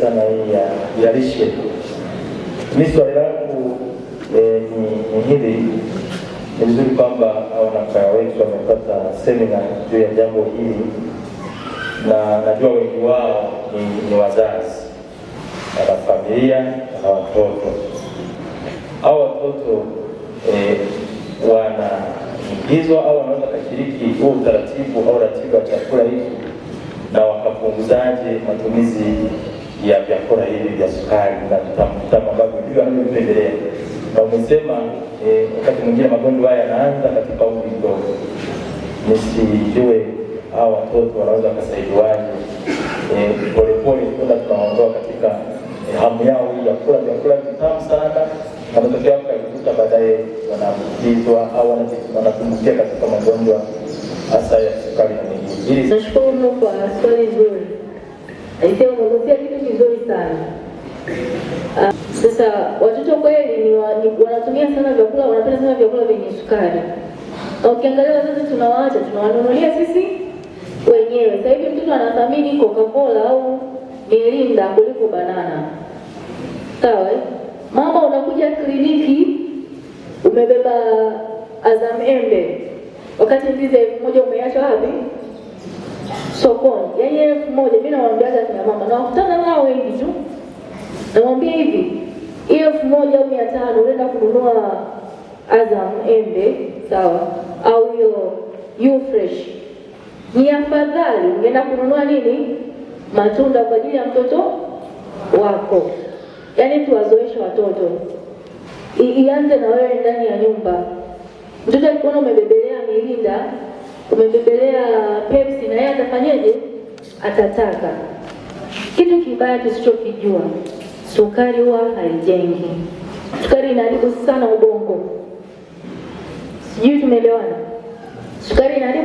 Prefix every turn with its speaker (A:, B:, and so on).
A: sana hii ya, yalishe. Mi swali langu eh, ni, hili. Ni vizuri kwamba hao nakaya wetu wamepata semina juu ya jambo hili, na najua wengi wao ni, ni wazazi, na familia na watoto. au watoto eh, wanaingizwa au wanaweza kushiriki huo utaratibu au ratiba ya chakula hiki na wakapunguzaje matumizi ya vyakula hivi vya sukari na vitamu ambavyo ndio anavyopendelea. Na umesema eh, wakati mwingine magonjwa haya yanaanza katika umri mdogo. Nisijue hao watoto wanaweza wakasaidiwaje eh, polepole, kuna tunaondoa katika eh, hamu yao hii ya kula vyakula vitamu sana, na matokeo yake yakikuta baadaye wanaambukizwa au wanatumbukia katika magonjwa hasa ya sukari na mengine. Nashukuru sana. Ah, sasa watoto kweli ni wa, ni, wanatumia sana vyakula, wanapenda sana vyakula vyenye sukari. Ah, ukiangalia wazazi tunawaacha, tunawanunulia sisi wenyewe. Sasa hivi mtoto anathamini Coca-Cola au Mirinda kuliko banana. Sawa? Eh? Mama unakuja kliniki umebeba Azam Embe wakati ndizi elfu moja umeacha wapi? sokoni, yaani elfu moja. Mimi hata kina mama, nawakutana nao wengi tu, namwambia hivi, hiyo elfu moja au mia tano unaenda kununua Azam embe sawa, au hiyo you fresh, ni afadhali ungeenda kununua nini, matunda kwa ajili ya mtoto wako. Yaani tuwazoeshe watoto, ianze na wewe ndani ya nyumba. Mtoto akiona umebebelea milinda umebebelea Pepsi na yeye atafanyaje? Atataka kitu kibaya tusichokijua. Sukari huwa haijengi, sukari inaharibu sana ubongo. Sijui tumeelewana? Sukari inaharibu